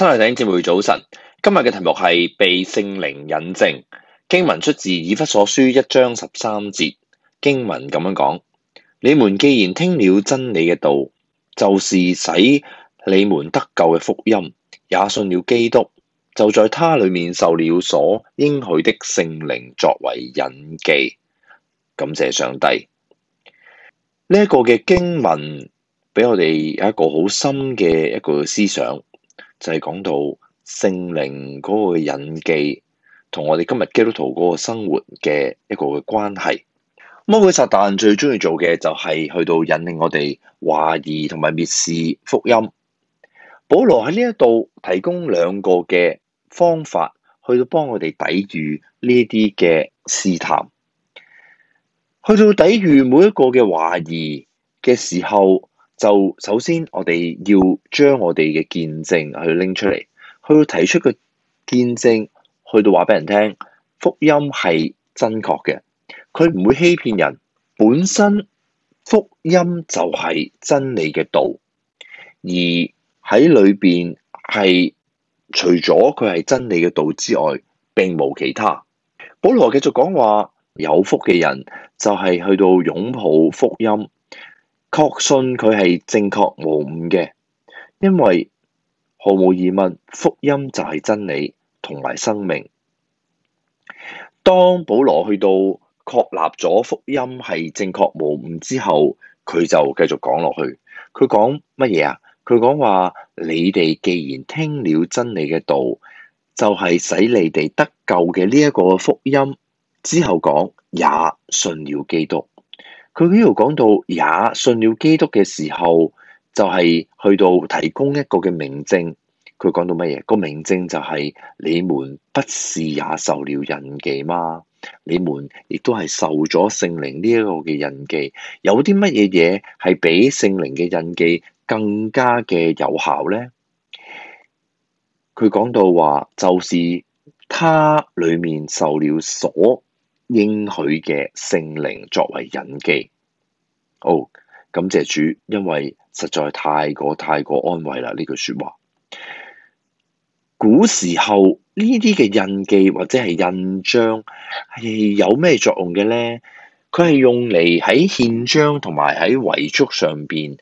親愛的弟兄姊妹，早晨，今日嘅題目係被聖靈印證，經文出自以弗所書一章十三節。經文咁樣講：你們既然聽了真理嘅道，就是使你們得救嘅福音，也信了基督，就在他裏面受了所應許的聖靈作為印記。感謝上帝，呢一個嘅經文俾我哋有一個好深嘅一個思想。就係講到聖靈嗰個印記同我哋今日基督徒嗰個生活嘅一個嘅關係。魔鬼撒旦最中意做嘅就係去到引領我哋懷疑同埋蔑視福音。保羅喺呢一度提供兩個嘅方法去到幫我哋抵禦呢啲嘅試探，去到抵禦每一個嘅懷疑嘅時候。就首先，我哋要將我哋嘅見證去拎出嚟，去提出個見證，去到話俾人聽，福音係真確嘅，佢唔會欺騙人，本身福音就係真理嘅道，而喺裏邊係除咗佢係真理嘅道之外，並無其他。保羅繼續講話，有福嘅人就係去到擁抱福音。確信佢係正確無誤嘅，因為毫無疑問，福音就係真理同埋生命。當保羅去到確立咗福音係正確無誤之後，佢就繼續講落去。佢講乜嘢啊？佢講話：你哋既然聽了真理嘅道，就係、是、使你哋得救嘅呢一個福音之後講，也信了基督。佢呢度講到也信了基督嘅時候，就係、是、去到提供一個嘅明證。佢講到乜嘢？個明證就係、是、你們不是也受了印記嗎？你們亦都係受咗聖靈呢一個嘅印記。有啲乜嘢嘢係比聖靈嘅印記更加嘅有效呢？」佢講到話，就是他裡面受了鎖。應許嘅聖靈作為印記。好，oh，感謝主，因為實在太過太過安慰啦。呢句說話，古時候呢啲嘅印記或者係印章係有咩作用嘅呢？佢係用嚟喺憲章同埋喺遺囑上邊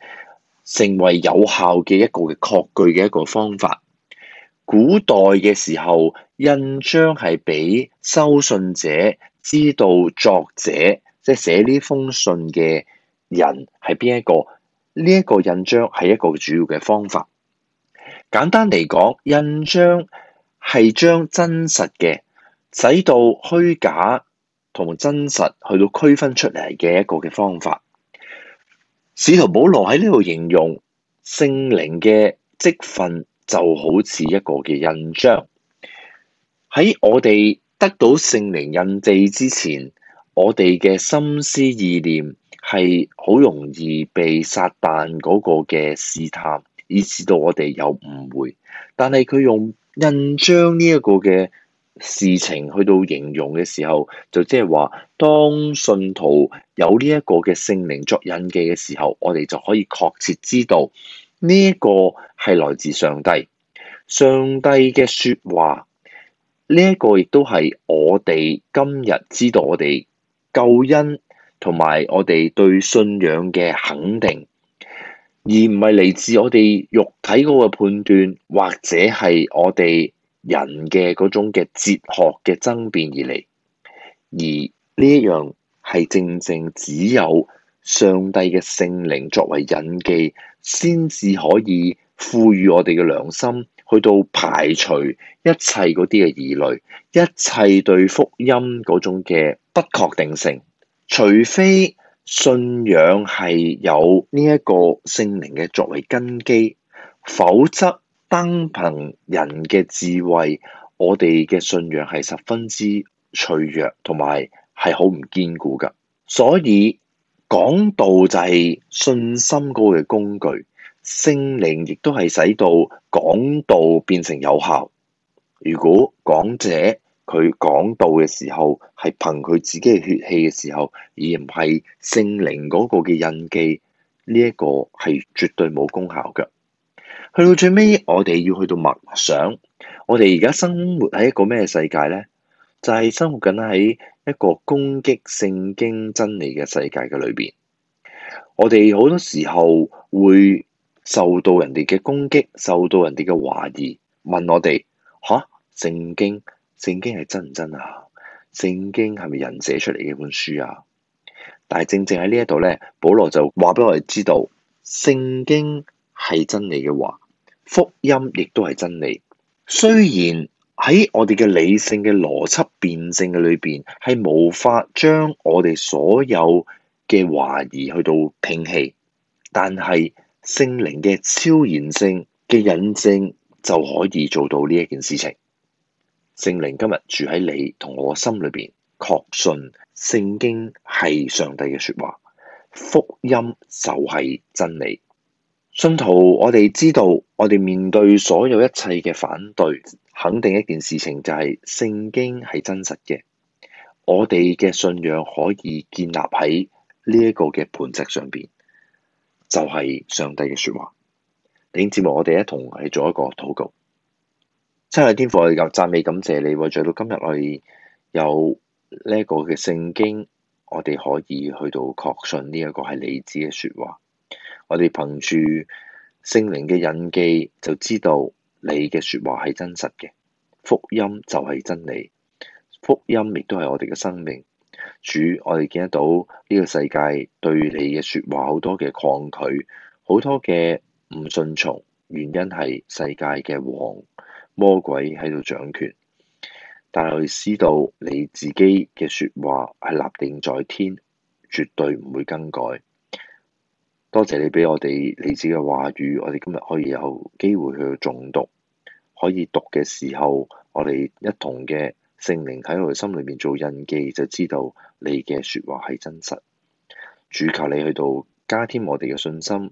成為有效嘅一個嘅確據嘅一個方法。古代嘅時候，印章係俾收信者。知道作者即係寫呢封信嘅人係邊一個？呢、這、一個印章係一個主要嘅方法。簡單嚟講，印章係將真實嘅使到虛假同真實去到區分出嚟嘅一個嘅方法。使徒保羅喺呢度形容聖靈嘅職份就好似一個嘅印章喺我哋。得到聖靈印記之前，我哋嘅心思意念係好容易被撒旦嗰個嘅試探，以至到我哋有誤會。但係佢用印章呢一個嘅事情去到形容嘅時候，就即係話，當信徒有呢一個嘅聖靈作印記嘅時候，我哋就可以確切知道呢一個係來自上帝，上帝嘅説話。呢一個亦都係我哋今日知道我哋救恩，同埋我哋對信仰嘅肯定，而唔係嚟自我哋肉體嗰個判斷，或者係我哋人嘅嗰種嘅哲學嘅爭辯而嚟。而呢一樣係正正只有上帝嘅聖靈作為印證，先至可以賦予我哋嘅良心。去到排除一切嗰啲嘅疑慮，一切對福音嗰種嘅不確定性，除非信仰係有呢一個聖靈嘅作為根基，否則單憑人嘅智慧，我哋嘅信仰係十分之脆弱，同埋係好唔堅固噶。所以講道就係信心嗰個嘅工具。聖靈亦都係使到講道變成有效。如果講者佢講道嘅時候係憑佢自己嘅血氣嘅時候，而唔係聖靈嗰個嘅印記呢一個係絕對冇功效嘅。去到最尾，我哋要去到默想。我哋而家生活喺一個咩世界呢？就係生活緊喺一個攻擊聖經真理嘅世界嘅裏邊。我哋好多時候會。受到人哋嘅攻擊，受到人哋嘅懷疑，問我哋，嚇？聖經聖經係真唔真啊？聖經係咪人寫出嚟嘅本書啊？但係正正喺呢一度咧，保羅就話俾我哋知道，聖經係真理嘅話，福音亦都係真理。雖然喺我哋嘅理性嘅邏輯辯證嘅裏邊係無法將我哋所有嘅懷疑去到摒棄，但係，聖靈嘅超然性嘅引證就可以做到呢一件事情。聖靈今日住喺你同我心裏邊，確信聖經係上帝嘅說話，福音就係真理。信徒，我哋知道，我哋面對所有一切嘅反對，肯定一件事情就係聖經係真實嘅。我哋嘅信仰可以建立喺呢一個嘅磐石上邊，就係上帝嘅說話。頂節目，我哋一同去做一個禱告。親愛天父，我哋讚美感謝你，為著到今日我哋有呢個嘅聖經，我哋可以去到確信呢一個係你子嘅說話。我哋憑住聖靈嘅印記，就知道你嘅說話係真實嘅。福音就係真理，福音亦都係我哋嘅生命。主，我哋見得到呢，這個世界對你嘅說話好多嘅抗拒，好多嘅唔順從，原因係世界嘅王魔鬼喺度掌權。但係我哋知道你自己嘅說話係立定在天，絕對唔會更改。多謝你俾我哋你自己嘅話語，我哋今日可以有機會去誦讀，可以讀嘅時候，我哋一同嘅。聖靈喺我哋心裏面做印記，就知道你嘅説話係真實。主求你去到加添我哋嘅信心，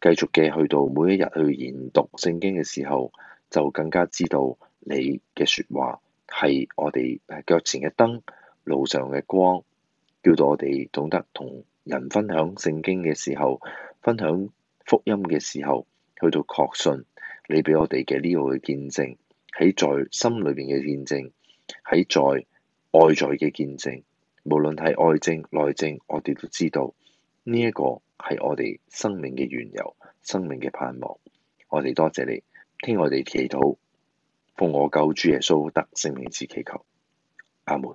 繼續嘅去到每一日去研讀聖經嘅時候，就更加知道你嘅説話係我哋腳前嘅燈，路上嘅光，叫到我哋懂得同人分享聖經嘅時候，分享福音嘅時候，去到確信你畀我哋嘅呢個嘅見證喺在心裏面嘅見證。在在喺在外在嘅見證，無論係外證內證，我哋都知道呢一、這個係我哋生命嘅緣由，生命嘅盼望。我哋多謝你，聽我哋祈禱，奉我救主耶穌得聖名之祈求，阿門。